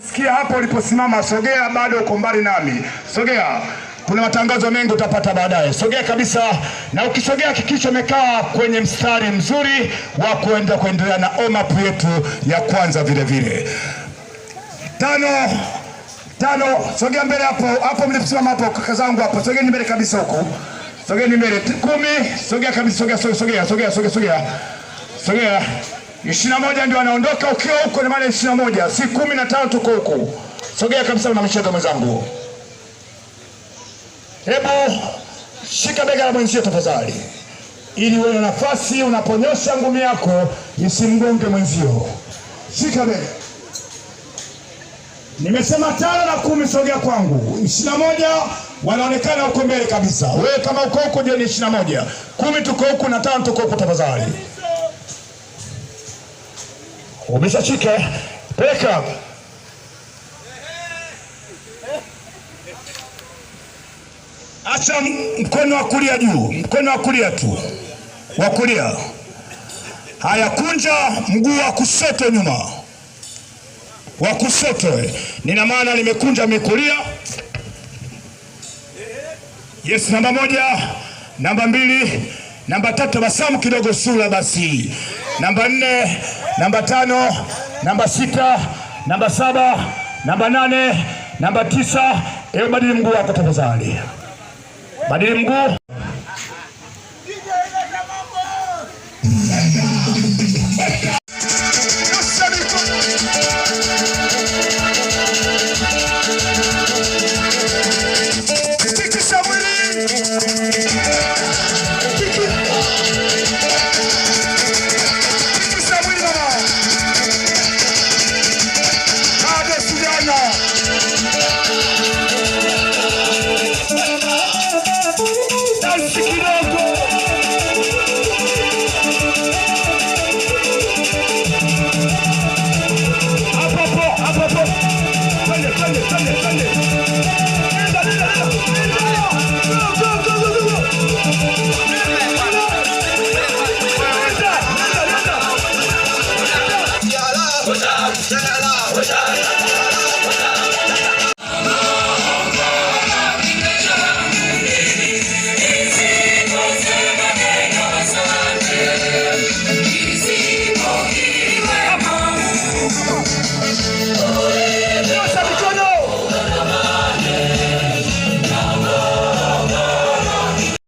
Sikia hapo uliposimama, sogea, bado uko mbali nami, sogea. Kuna matangazo mengi utapata baadaye, sogea kabisa. Na ukisogea, hakikisha umekaa kwenye mstari mzuri wa kuenda kuendelea na omapu yetu ya kwanza. Vile vile tano tano, sogea mbele hapo hapo mliposimama hapo, kaka zangu hapo, sogea mbele kabisa huko, sogea mbele. Kumi, sogea kabisa, sogea, sogea, sogea, sogea, sogea, sogea, sogea ishirini na moja ndio anaondoka. Ukiwa huko na maana ishirini na moja si kumi na tano tuko huko. Sogea kabisa, unamshika mwenzangu, hebu shika bega la mwenzio tafadhali, ili uwe na nafasi unaponyosha ngumi yako isimgonge mwenzio. Shika bega, nimesema tano na kumi, sogea kwangu. ishirini na moja wanaonekana huko mbele kabisa. Wewe kama uko huko, je, ni ishirini na moja kumi, tuko huko na tano tuko huko, tafadhali umeshachika eh? peka acha mkono wa kulia juu, mkono wa kulia tu, wa kulia. Haya, kunja mguu wa kushoto nyuma, wa kushoto. Eh. Nina maana nimekunja mikulia. Yes, namba moja, namba mbili, namba tatu, basamu kidogo sura basi, namba nne namba tano, namba sita, namba saba, namba nane, namba tisa. Ewe badili mguu wako tafadhali, badili mguu. basi kidogo